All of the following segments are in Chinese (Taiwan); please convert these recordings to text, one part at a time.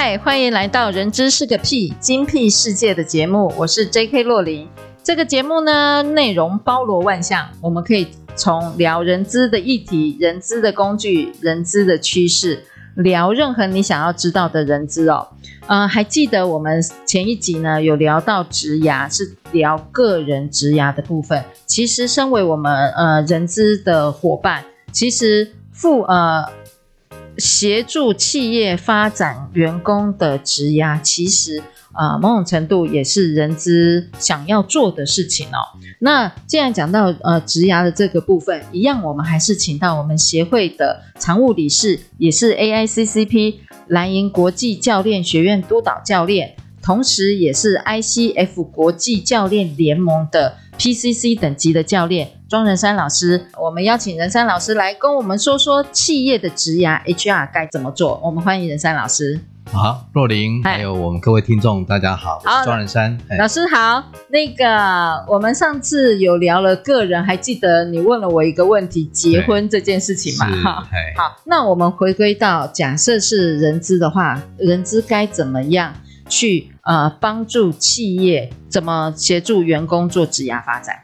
嗨，Hi, 歡迎來到《人資是個闢，精闢世界》的節目，我是 J.K. 洛琳。這個節目呢，內容包羅萬象，我們可以從聊人資的議題、人資的工具、人資的趨勢，聊任何你想要知道的人資哦。呃還記得我們前一集呢，有聊到職涯，是聊個人職涯的部分。其實，身為我們呃人資的夥伴，其實付呃。協助企業發展員工的職涯，其實啊、呃，某種程度也是人資想要做的事情哦。那既然講到呃職涯的這個部分，一樣我們還是請到我們協會的常務理事，也是 AICCP 蘭盈國際教練學院督導教練，同時也是 ICF 國際教練聯盟的。PCC 等級的教練莊仁山老師，我們邀請仁山老師來跟我們說說企業的職涯 HR 該怎麼做。我們歡迎仁山老師。好、啊，若羚，嘿還有我們各位聽眾，大家好。好，我是莊仁山老，嘿老師好。那個，我們上次有聊了個人，還記得你問了我一個問題，結婚這件事情嘛？哈，好，嘿好。那我們回歸到假設是人資的話，人資該怎麼樣？去呃幫助企業怎麼協助員工做職涯發展？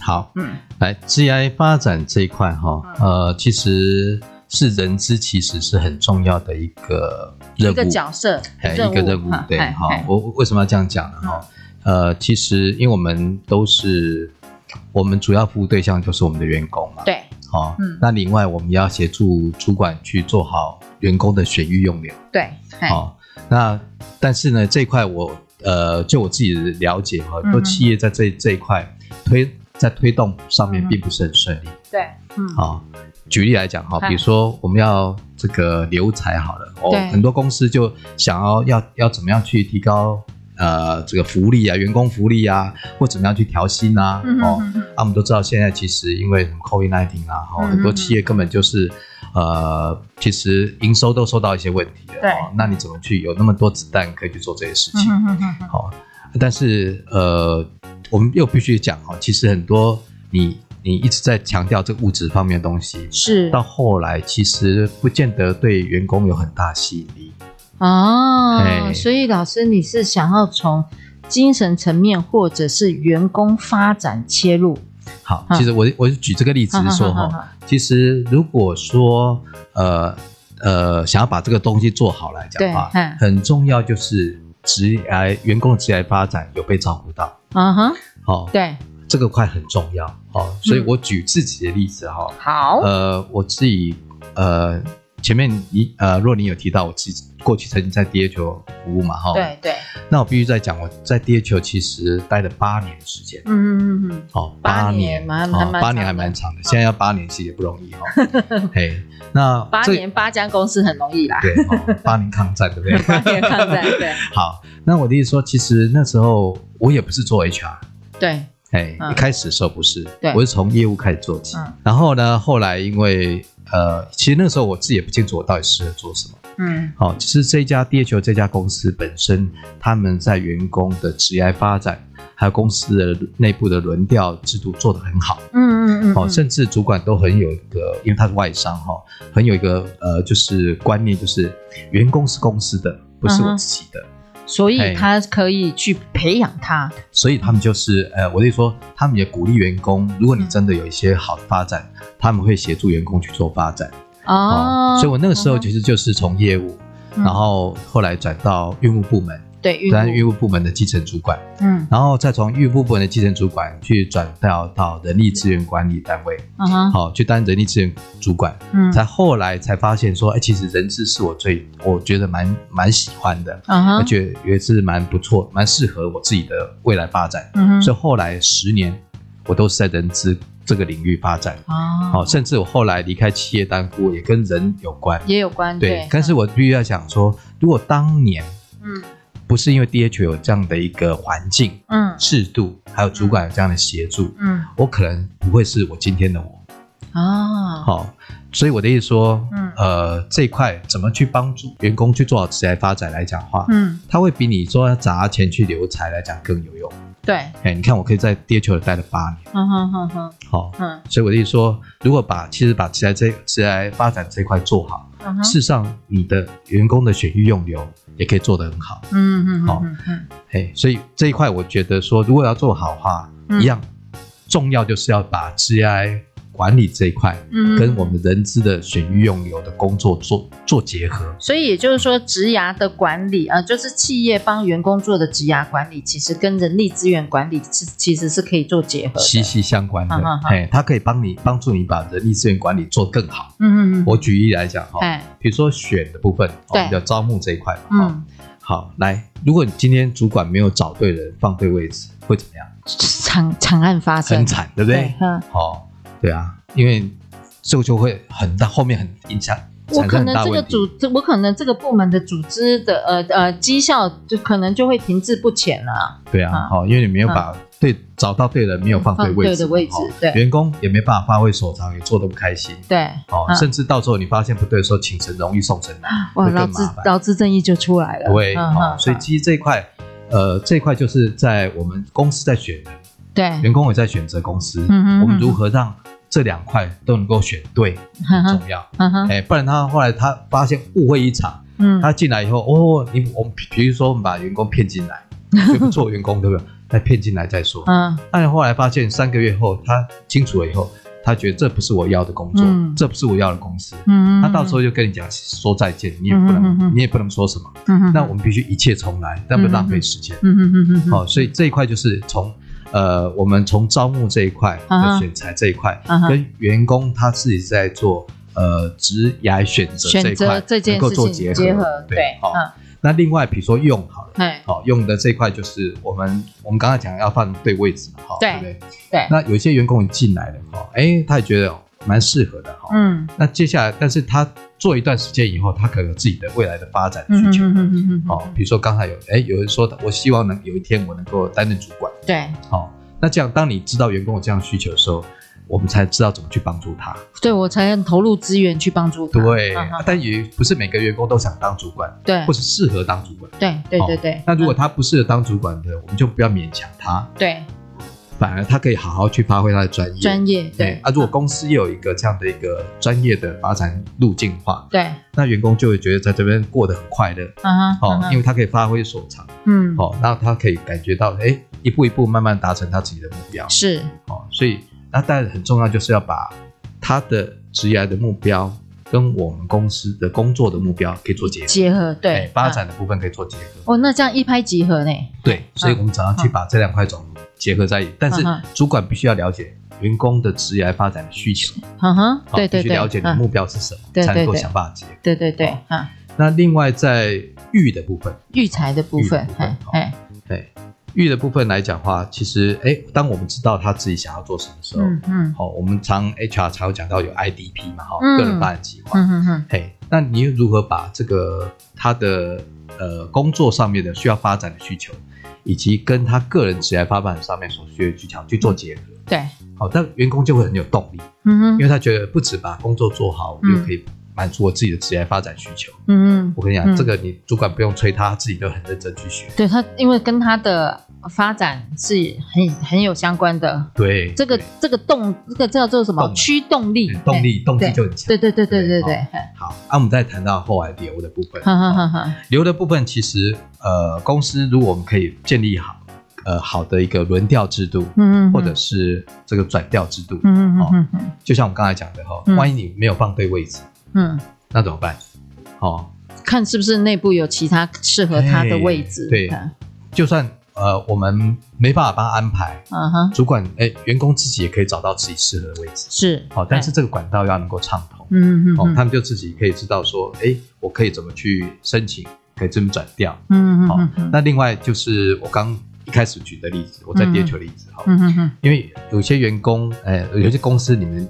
好，嗯，來職涯發展這一塊哈，呃，其實是人資其實是很重要的一個任務，一個角色，一個任務，對，好，我為什麼要這樣講呢？哈，呃，其實因為我們都是我們主要服務對象就是我們的員工嘛，對，好，那另外我們也要協助主管去做好員工的選育用留，對，好。那但是呢，這一塊我呃，就我自己的了解哈，很多企業在這嗯嗯這一塊推在推動上面並不是很順利。對，嗯，嗯，好、哦，舉例來講哈、哦，比如說我們要這個留才好了，哦，對，很多公司就想要要要怎麼樣去提高呃這個福利啊，員工福利啊，或怎麼樣去調薪啊，哦，嗯嗯嗯嗯啊，我們都知道現在其實因為什麼 COVID nineteen 啦，哈、啊，很多企業根本就是。呃，其實營收都受到一些問題的，對哦，那你怎麼去有那麼多子彈可以去做這些事情？嗯嗯嗯。好、哦，但是呃，我們又必須講哦，其實很多你你一直在強調這個物質方面的東西，是到後來其實不見得對員工有很大吸引力。哦，對所以老師，你是想要從精神層面或者是員工發展切入？好，其實我、嗯、我舉這個例子說哈，嗯嗯嗯嗯，其實如果說呃呃想要把這個東西做好來講的話，很重要就是，職涯員工的職涯發展有被照顧到，嗯哼，嗯好，對這個塊很重要，好，所以我舉自己的例子哈，嗯，好，呃，我自己呃。前面你呃，若羚有提到我自己過去曾經在 DHL 服務嘛，哈，對對。那我必須再講，我在 DHL 其實待了八年時間。嗯嗯嗯。好，八年，好，八年還蠻長的。現在要八年其實也不容易哈。嘿，那八年八家公司很容易吧？對，八年抗戰，對不對？八年抗戰，對。好，那我的意思說，其實那時候我也不是做 H R。對。哎，一開始的時候不是，我是從業務開始做起。然後呢，後來因為。呃，其實那時候我自己也不清楚我到底適合做什麼。嗯，嗯，嗯，嗯、哦，好，其實這家 DHL 這家公司本身，他們在員工的職業發展，還有公司的內部的輪調制度做得很好。嗯嗯嗯，好，甚至主管都很有一個，因為他是外商哈、哦，很有一個呃，就是觀念，就是員工是公司的，不是我自己的。嗯所以他可以去培養他，所以他們就是，呃，我就說，他們也鼓勵員工，如果你真的有一些好的發展，嗯、他們會協助員工去做發展。哦，嗯、所以我那個時候其實就是從業務，嗯、然後後來轉到運務部門。對，然後業務部門的基層主管，嗯，然後再從業務部門的基層主管去轉調到人力資源管理單位，嗯好，去當、哦、人力資源主管，嗯，才後來才發現說，哎，其實人資是我最我覺得蠻蠻喜歡的，嗯哼，而且也是蠻不錯，蠻適合我自己的未來發展，嗯哼所以後來十年我都是在人資這個領域發展，啊、哦，好，甚至我後來離開企業單位也跟人有關，嗯、也有關，對，嗯、但是我必須要想說，如果當年，嗯。不是因為 D H 有這樣的一個環境，嗯，制度，嗯、還有主管有這樣的協助嗯，嗯，我可能不會是我今天的我，啊、哦，好，所以我的意思說，嗯，呃，這塊怎麼去幫助員工去做好職涯發展來講的話，嗯，它會比你說要砸錢去留才來講更有用，對、欸，你看我可以在 D H 裡待了八年，嗯哼哼哼，好，嗯，所以我的意思說，如果把其實把職涯這職涯發展這塊做好，嗯、事實上你的員工的選育用留。也可以做得很好，嗯嗯，好、嗯，嗯嗯，哦、嘿，所以這一塊我覺得說，如果要做好的話，嗯、一樣重要就是要把 G I 管理這一塊，嗯，跟我們人資的選育用留的工作做做結合，所以也就是說，職涯的管理啊、呃，就是企業幫員工做的職涯管理，其實跟人力資源管理是其實是可以做結合，息息相關的。的、嗯嗯嗯、嘿，它可以幫你幫助你把人力資源管理做更好。嗯嗯嗯。嗯嗯我舉例來講哈，比如說，選的部分，嗯哦、比較招募這一塊嘛，哈、哦。嗯、好，來，如果你今天主管沒有找對人放對位置，會怎麼樣？長長案發生，很慘，對不對？嗯。好。哦對啊，因為就就會很大，後面很影響。我可能這個組，我可能這個部門的組織的呃呃績效就可能就會停滯不前了。對啊，哦，因為你沒有把對找到對的沒有放對位置的位置，對員工也沒辦法發揮所長，也做得不開心。對，哦，甚至到時候你發現不對的時候，請神容易送神難，會更麻煩，導致勞資爭議就出來了。對會，所以其實這一塊，呃，這一塊就是在我們公司在選人，對員工也在選擇公司，嗯，我們如何讓。這兩塊都能夠選對很重要，哎、啊啊欸，不然他後來他發現誤會一場，嗯、他進來以後，哦，你我們比如說我們把員工騙進來， 就不做員工對不對？再騙進來再說，嗯、啊，但後來發現三個月後他清楚了以後，他覺得這不是我要的工作，嗯、這不是我要的公司，嗯嗯、他到時候就跟你講說再見，你也不能、嗯嗯嗯、你也不能說什麼，嗯、嗯，那我們必須一切重來，但不浪費時間，好，所以這一塊就是從。呃，我們從招募這一塊、選材這一塊，跟員工他自己在做呃職涯選擇這一塊能夠做結合，對，好。那另外比如說用好了，對，好用的這一塊就是我們我們剛才講要放對位置嘛，哈，對不對？對。那有些員工進來了哈，哎，他也覺得蠻適合的哈，嗯。那接下來，但是他做一段時間以後，他可能有自己的未來的發展需求，嗯嗯嗯。哦，比如說剛才有哎有人說的，我希望能有一天我能夠擔任主管。對，好，那這樣，當你知道員工有這樣需求的時候，我們才知道怎麼去幫助他。對，我才能投入資源去幫助他。對，但也不是每個員工都想當主管，對，或是適合當主管，對，對對對。那如果他不適合當主管的，我們就不要勉強他。對，反而他可以好好去發揮他的專業。專業，對啊。如果公司有一個這樣的一個專業的發展路徑的話，對，那員工就會覺得在這邊過得很快樂。嗯哼，哦，因為他可以發揮所長，嗯，哦，那他可以感覺到，哎。一步一步慢慢達成他自己的目標，是哦，所以那當然很重要，就是要把他的職業的目標跟我們公司的工作的目標可以做結合，結合對發展的部分可以做結合。哦，那這樣一拍即合呢？對，所以我們想要去把這兩塊種結合在一起，但是主管必須要了解員工的職業發展的需求，嗯哼，對對對，必須了解你的目標是什麼，才能夠想辦法結。對對對，啊。那另外在育的部分，育才的部分，對哎育的部分來講的話，其實，哎、欸，當我們知道他自己想要做什麼的時候，好、嗯嗯喔，我們常 HR 才會講到有 IDP 嘛，哈、喔，嗯、個人發展計劃、嗯，嗯嗯嗯，嘿、欸，那你又如何把這個他的呃工作上面的需要發展的需求，以及跟他個人職業發展上面所需要的技巧去做結合？嗯、對，好、喔，那員工就會很有動力，嗯哼，嗯因為他覺得不止把工作做好就可以。滿足我自己的職業發展需求。嗯嗯，我跟你講，這個你主管不用催，他自己都很認真去學。對他，因為跟他的發展是很很有相關的。對，這個這個動這個叫做什麼？驅動力，動力，動力就很強。對對對對對對。好，那我們再談到後來留的部分。哈哈哈哈，留的部分其實，呃，公司如果我們可以建立好，呃，好的一個輪調制度，嗯嗯，或者是這個轉調制度，嗯嗯嗯，就像我們剛才講的哈，萬一你沒有放對位置。嗯，那怎麼辦？好、哦、看是不是內部有其他適合他的位置？欸、看對，就算呃我們沒辦法幫他安排，嗯哼、uh。Huh. 主管，哎、欸，員工自己也可以找到自己適合的位置。是，好、哦，但是這個管道要能夠暢通。嗯嗯，哦，他們就自己可以知道說，哎、欸，我可以怎麼去申請，可以這麼轉調。嗯嗯好、哦，那另外就是我剛一開始舉的例子，我再舉個例子，好、嗯，嗯嗯嗯，因為有些員工，哎、欸，有些公司你們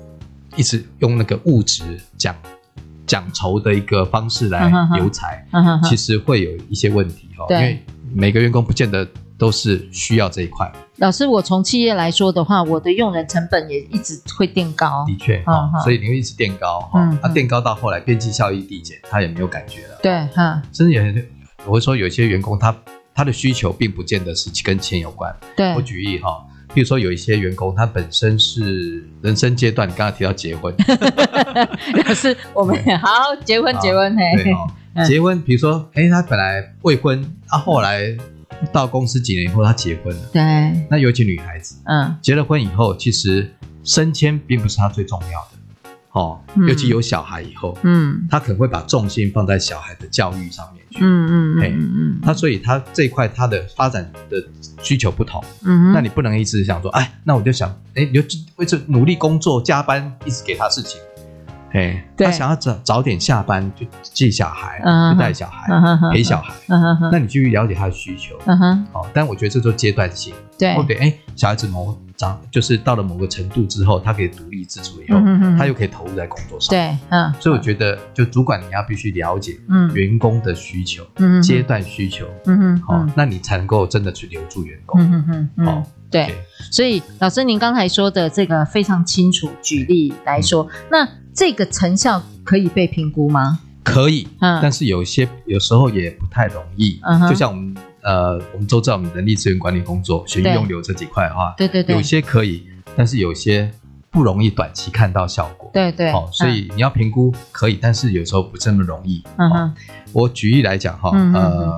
一直用那個物質講。獎酬的一個方式來留才，嗯、哼哼其實會有一些問題哈，嗯、哼哼因為每個員工不見得都是需要這一塊。老師，我從企業來說的話，我的用人成本也一直會墊高。的確，嗯、哼所以你會一直墊高哈，它墊、嗯哼啊、高到後來邊際、嗯、哼效益遞減，它也沒有感覺了。對，嗯、甚至也我會說，有些員工他他的需求並不見得是跟錢有關。對，我舉例哈。比如說，有一些員工他本身是人生階段，你剛才提到結婚，可是我們好結婚結婚嘿，結婚，比如說哎、欸，他本來未婚，他、啊、後來到公司幾年以後他結婚了，對，對，那尤其女孩子，嗯，結了婚以後，其實升遷並不是他最重要的。哦，尤其有小孩以後，嗯，嗯，他可能會把重心放在小孩的教育上面去，嗯嗯嗯嗯，那、嗯、所以他這一塊他的發展的需求不同，嗯哼，那你不能一直想說，哎，那我就想，哎，你就為這努力工作加班，一直給他事情，哎，對他想要早早點下班就接小孩，嗯，帶小孩，嗯哼，陪小孩，嗯哼，嗯哼，那你去了解他的需求，嗯哼，好、哦，但我覺得這都階段性，對，哦對，哎，小孩子嘛，長就是到了某個程度之後，他可以獨立自主以後，他又可以投入在工作上。對，嗯，所以我覺得，就主管你要必須了解員工的需求，階段需求，嗯哼，好，那你才能夠真的去留住員工。嗯哼哼，好，對，所以老師您剛才說的這個非常清楚。舉例來說，那這個成效可以被評估嗎？可以，嗯，但是有些有時候也不太容易，嗯，就像我們。呃，我們都知道，我們人力資源管理工作、選育用留這幾塊的話，對對對，有些可以，但是有些不容易短期看到效果。對，對對，好、哦，所以你要評估可以，嗯、但是有時候不這麼容易。哦、嗯哼我舉例來講哈，呃，嗯、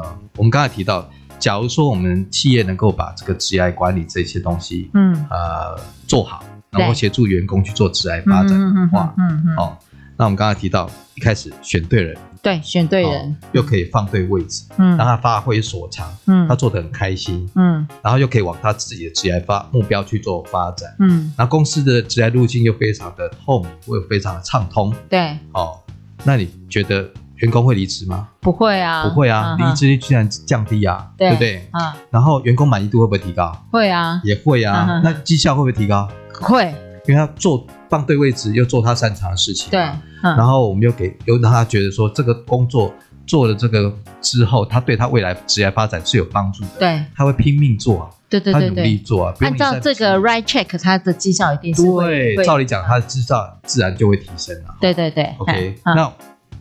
哼我們剛才提到，假如說我們企業能夠把這個職涯管理這些東西，嗯，呃，做好，然後協助員工去做職涯發展的話，嗯嗯，哦、嗯。那我們剛才提到，一開始選對人，對，選對人，又可以放對位置，嗯，讓他發揮所長，嗯，他做得很開心，嗯，然後又可以往他自己的職涯發目標去做發展，嗯，那公司的職涯路徑又非常的厚，又非常的暢通，對，哦，那你覺得員工會離職嗎？不會啊，不會啊，離職率居然降低啊，對不對？然後員工滿意度會不會提高？會啊，也會啊，那績效會不會提高？會。因為他做放對位置，又做他擅長的事情、啊，對，嗯、然後我們又給又讓他覺得說這個工作做了這個之後，他對他未來職業發展是有幫助的，對，他會拼命做、啊，對，對對對，他努力做。啊。按照這個 right check，他的績效一定是會，對，對，照理講，他的績效自然就會提升了、啊。對對對，OK，、嗯、那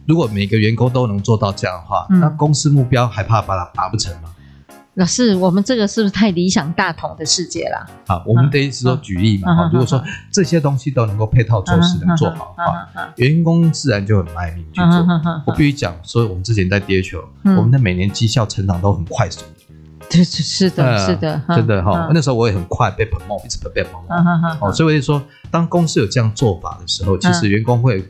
如果每個員工都能做到這樣的話，嗯、那公司目標還怕把它達不成嗎？老師，我們這個是不是太理想大同的世界了？好，我們的意思說舉例嘛。哈，如果說這些東西都能夠配套措施能做好的話，員工自然就很賣命去做。我必須講，所以我們之前在 DHL，我們的每年績效成長都很快速。對，是的是的，真的哈。那時候我也很快被捧，一直被捧。哦，所以我就說，當公司有這樣做法的時候，其實員工會，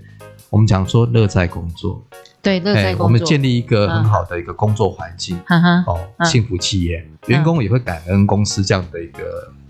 我們講說樂在工作。對，哎，我們建立一個很好的一個工作環境，哦，幸福企業，員工也會感恩公司這樣的一個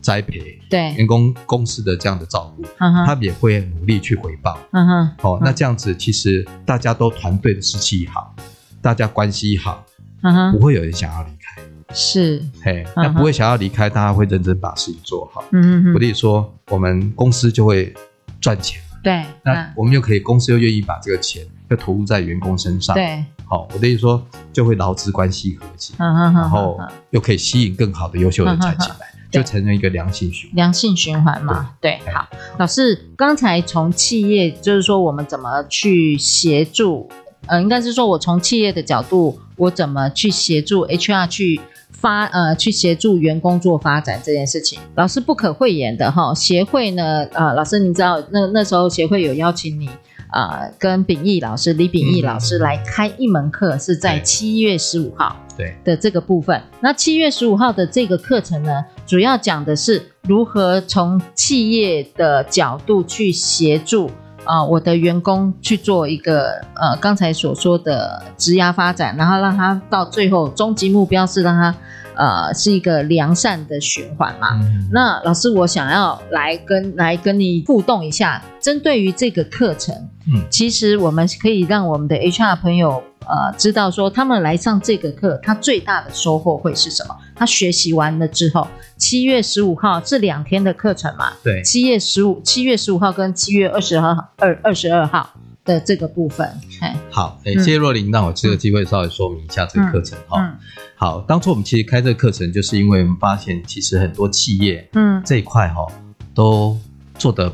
栽培，對，員工公司的這樣的照顧，他們也會努力去回報，嗯哼，哦，那這樣子其實大家都團隊的士氣好，大家關係好，嗯哼，不會有人想要離開，是，嘿，那不會想要離開，大家會認真把事情做好，嗯哼，我跟你說我們公司就會賺錢。對，啊、那我們又可以，公司又願意把這個錢就投入在員工身上，對，好，我等於說就會勞資關係和諧，嗯嗯嗯、然後又可以吸引更好的優秀人才進來，嗯嗯嗯嗯嗯、就成了一個良性循環。良性循環嘛，對，對嗯、好，老師剛才從企業就是說我們怎麼去協助，呃，應該是說我從企業的角度，我怎麼去協助 HR 去。發呃去協助員工做發展這件事情，老師不可諱言的哈。協會呢，呃，老師你知道那那時候協會有邀請你啊、呃，跟秉義老師李秉義老師來開一門課，是在七月十五號的這個部分。對那七月十五號的這個課程呢，主要講的是如何從企業的角度去協助啊、呃、我的員工去做一個呃剛才所說的職涯發展，然後讓他到最後終極目標是讓他。呃，是一個良善的循環嘛。嗯、那老師，我想要來跟來跟你互動一下，針對於這個課程，嗯，其實我們可以讓我們的 HR 朋友呃知道說，他們來上這個課，他最大的收穫會是什麼？他學習完了之後，七月十五號這兩天的課程嘛。對，七月十五七月十五號跟七月二十號二二十二號。的這個部分，嘿好，欸，謝謝若琳，嗯、讓我這個機會稍微說明一下這個課程哈，嗯嗯哦，好，當初我們其實開這個課程，就是因為我們發現，其實很多企業，嗯，這一塊哈，哦，都做的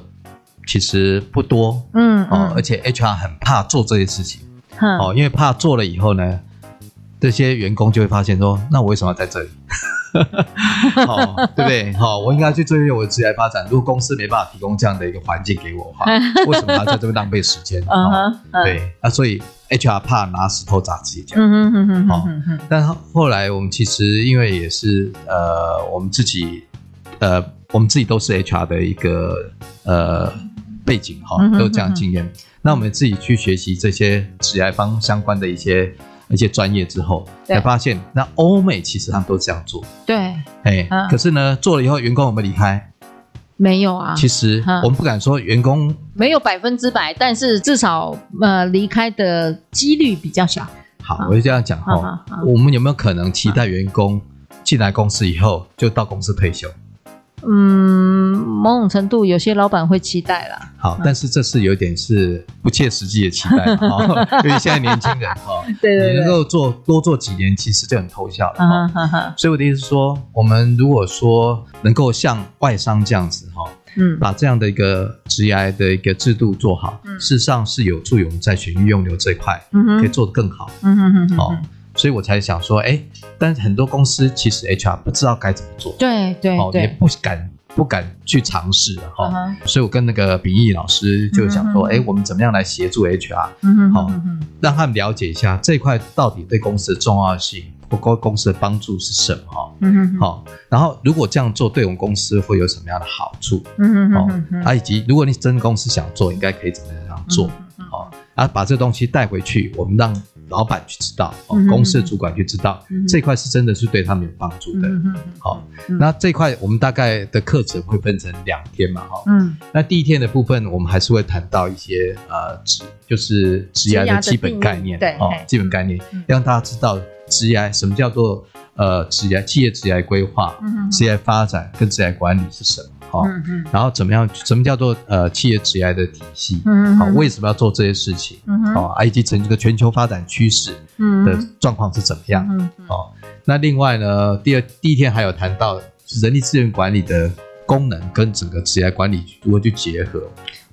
其實不多，嗯，嗯哦，而且 HR 很怕做這些事情，嗯，哦，因為怕做了以後呢，這些員工就會發現說，那我為什麼要在這裡？哦， 好 對不對？ 哦、我應該去追求我的職涯發展。如果公司沒辦法提供這樣的一個環境給我的話， 為什麼他在這邊浪費時間？對，那、啊、所以 HR 怕拿石頭砸自己腳。嗯，但後來我們其實因為也是、呃、我們自己、呃、我們自己都是 HR 的一個、呃、背景哈、哦，都有這樣的經驗。嗯、哼哼哼，那我們自己去學習這些職涯方向相關的一些。一些專業之後，才發現那歐美其實他們都這樣做。對，哎，可是呢，做了以後員工有沒有離開？沒有啊。其實我們不敢說員工沒有百分之百，但是至少呃離開的幾率比較小。好，我就這樣講哦。我們有沒有可能期待員工進來公司以後就到公司退休？嗯。某種程度，有些老闆會期待啦。好，但是這是有點是不切實際的期待哈。因為現在年輕人哈，對你能夠做多做幾年，其實就很偷笑了哈。所以我的意思是說，我們如果說能夠像外商這樣子哈，嗯，把這樣的一個職涯的一個制度做好，事實上是有助於我們在選育用留這一塊可以做得更好。嗯嗯嗯，好，所以我才想說，哎，但是很多公司其實 H R 不知道該怎麼做？對對對，也不敢。不敢去嘗試哈，哦 uh huh. 所以我跟那個比翼老師就想說，哎、uh huh.，我們怎麼樣來協助 HR？好、uh huh huh huh. 哦，讓他們了解一下這塊到底對公司的重要性，不過公司的幫助是什麼好、uh huh huh. 哦，然後如果這樣做對我們公司會有什麼樣的好處？嗯、uh huh huh huh. 哦、啊，以及如果你真公司想做，應該可以怎麼樣樣做？好、uh huh huh. 哦，啊，把這東西帶回去，我們讓。老闆去知道，哦，公司的主管去知道，嗯、哼這塊是真的是對他們有幫助的。好、嗯哼，嗯、那這塊我們大概的課程會分成兩天嘛，哈。嗯。那第一天的部分，我們還是會談到一些呃，職就是職涯的基本概念，對，基本概念讓大家知道職涯什麼叫做呃職涯，企業職涯規劃，嗯、哼職涯發展跟職涯管理是什麼。嗯、哦，然後怎麼樣？什麼叫做呃企業職涯的體系？嗯、哦、嗯，為什麼要做這些事情？哦、嗯嗯哼，哦，以及整個全球發展趨勢的狀況是怎麼樣？嗯嗯、哦，那另外呢，第二第一天還有談到人力資源管理的功能跟整個職涯管理如何去結合？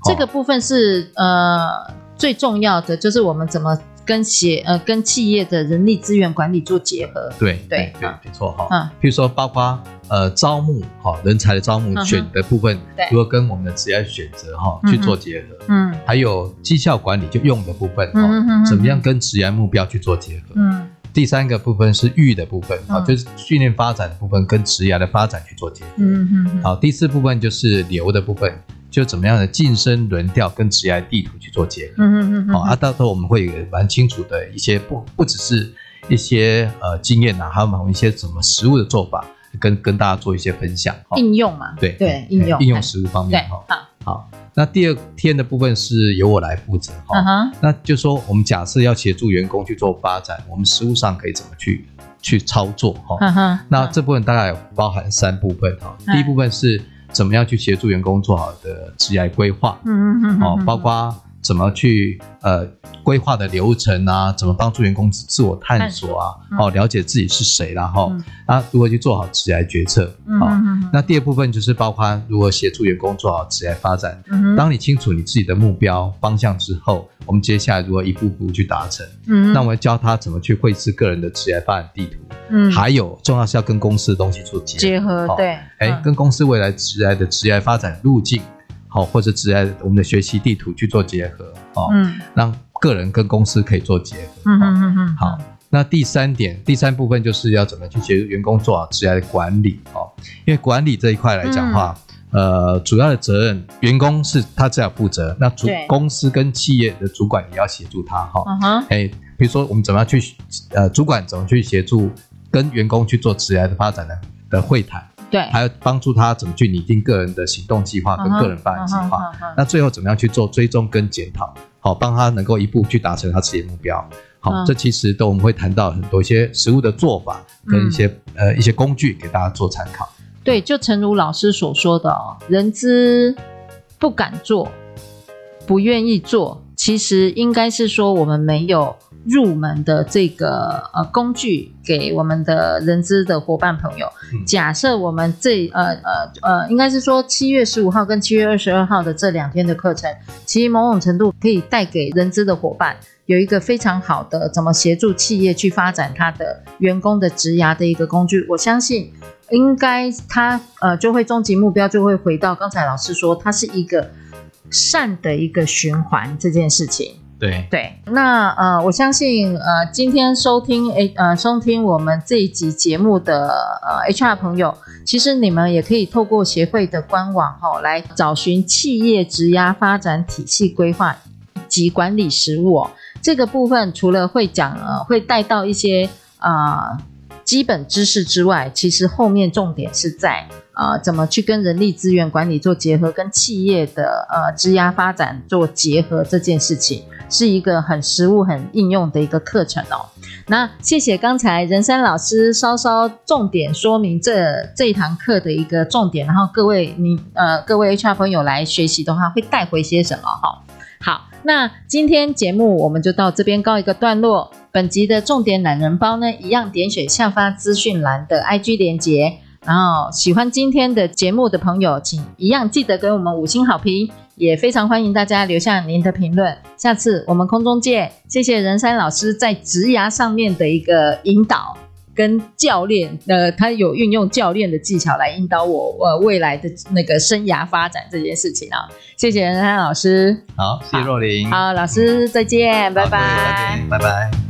這個部分是、哦、呃最重要的，就是我們怎麼。跟企呃，跟企業的人力資源管理做結合，對對對，沒錯哈。嗯，比如說包括呃，招募哈，人才的招募選的部分，如果跟我們的職涯選擇哈去做結合，嗯，還有績效管理就用的部分嗯，怎麼樣跟職涯目標去做結合？嗯，第三個部分是育的部分啊，就是訓練發展的部分跟職涯的發展去做結合。嗯，好，第四部分就是留的部分。就怎麼樣的晉升輪調跟職業地圖去做結合，嗯嗯嗯好，啊，到時候我們會有蠻清楚的一些不不只是一些呃經驗吶，還有某一些什麼實務的做法，跟跟大家做一些分享。應用嘛，對對，應用應用實務方面哈，好。那第二天的部分是由我來負責哈，那就說我們假設要協助員工去做發展，我們實務上可以怎麼去去操作哈，那這部分大概包含三部分哈，第一部分是。怎麼樣去協助員工做好的職業規劃？嗯嗯嗯，哦，包括。怎麼去呃規劃的流程啊？怎麼幫助員工自我探索啊？哦，了解自己是誰，然後啊，如何去做好職涯決策？好，那第二部分就是包括如何協助員工做好職涯發展。當你清楚你自己的目標方向之後，我們接下來如何一步步去達成？嗯，那我要教他怎麼去繪製個人的職涯發展地圖。嗯，還有重要是要跟公司的東西做結合，對，跟公司未來職涯的職涯發展路徑。好，或者職涯我們的學習地圖去做結合哦，嗯，讓個人跟公司可以做結合，嗯嗯嗯嗯，好，那第三點，第三部分就是要怎麼去協助員工做好職涯的管理哦，因為管理這一塊來講的話，嗯、呃，主要的責任員工是他自己要負責，那主對公司跟企業的主管也要協助他哈，哎、嗯哼，欸、比如說我們怎麼樣去，呃，主管怎麼去協助跟員工去做職涯的發展呢？的會談。對，還要幫助他怎麼去擬定個人的行動計劃跟個人發展計劃，那最後怎麼樣去做追蹤跟檢討，好幫他能夠一步去達成他自己的目標。好，uh huh. 這其實都我們會談到很多一些實務的做法跟一些，uh huh. 呃，一些工具給大家做參考。對，就誠如老師所說的，哦，人資不敢做、不願意做，其實應該是說我們沒有。入門的這個呃工具，給我們的人資的夥伴朋友，假設我們這呃呃呃，應該是說七月十五號跟七月二十二號的這兩天的課程，其實某種程度可以帶給人資的夥伴有一個非常好的怎麼協助企業去發展他的員工的職涯的一個工具。我相信應，應該他呃就會終極目標就會回到剛才老師說，它是一個善的一個循環這件事情。對對，那呃，我相信呃，今天收聽呃收聽我們這一集節目的呃 HR 朋友，其實你們也可以透過協會的官網哈、哦、來找尋企業職涯發展體系規劃及管理實務哦。這個部分除了會講、呃、會帶到一些啊、呃、基本知識之外，其實後面重點是在呃怎麼去跟人力資源管理做結合，跟企業的呃職涯發展做結合這件事情。是一個很實務很應用的一個課程哦。那謝謝剛才仁山老師稍稍重點說明這這一堂課的一個重點，然後各位你呃各位 HR 朋友來學習的話，會帶回些什麼哈、哦？好，那今天節目我們就到這邊告一個段落。本集的重點懶人包呢，一樣點選下方資訊欄的 IG 連結。然後喜歡今天的節目的朋友，請一樣記得給我們五星好評。也非常歡迎大家留下您的評論，下次我們空中見。謝謝仁山老師在職涯上面的一個引導跟教練，呃，他有運用教練的技巧來引導我呃未來的那個生涯發展這件事情啊、哦，謝謝仁山老師。好，謝謝若羚。好，好，老師再見，師，拜拜。拜拜，拜拜。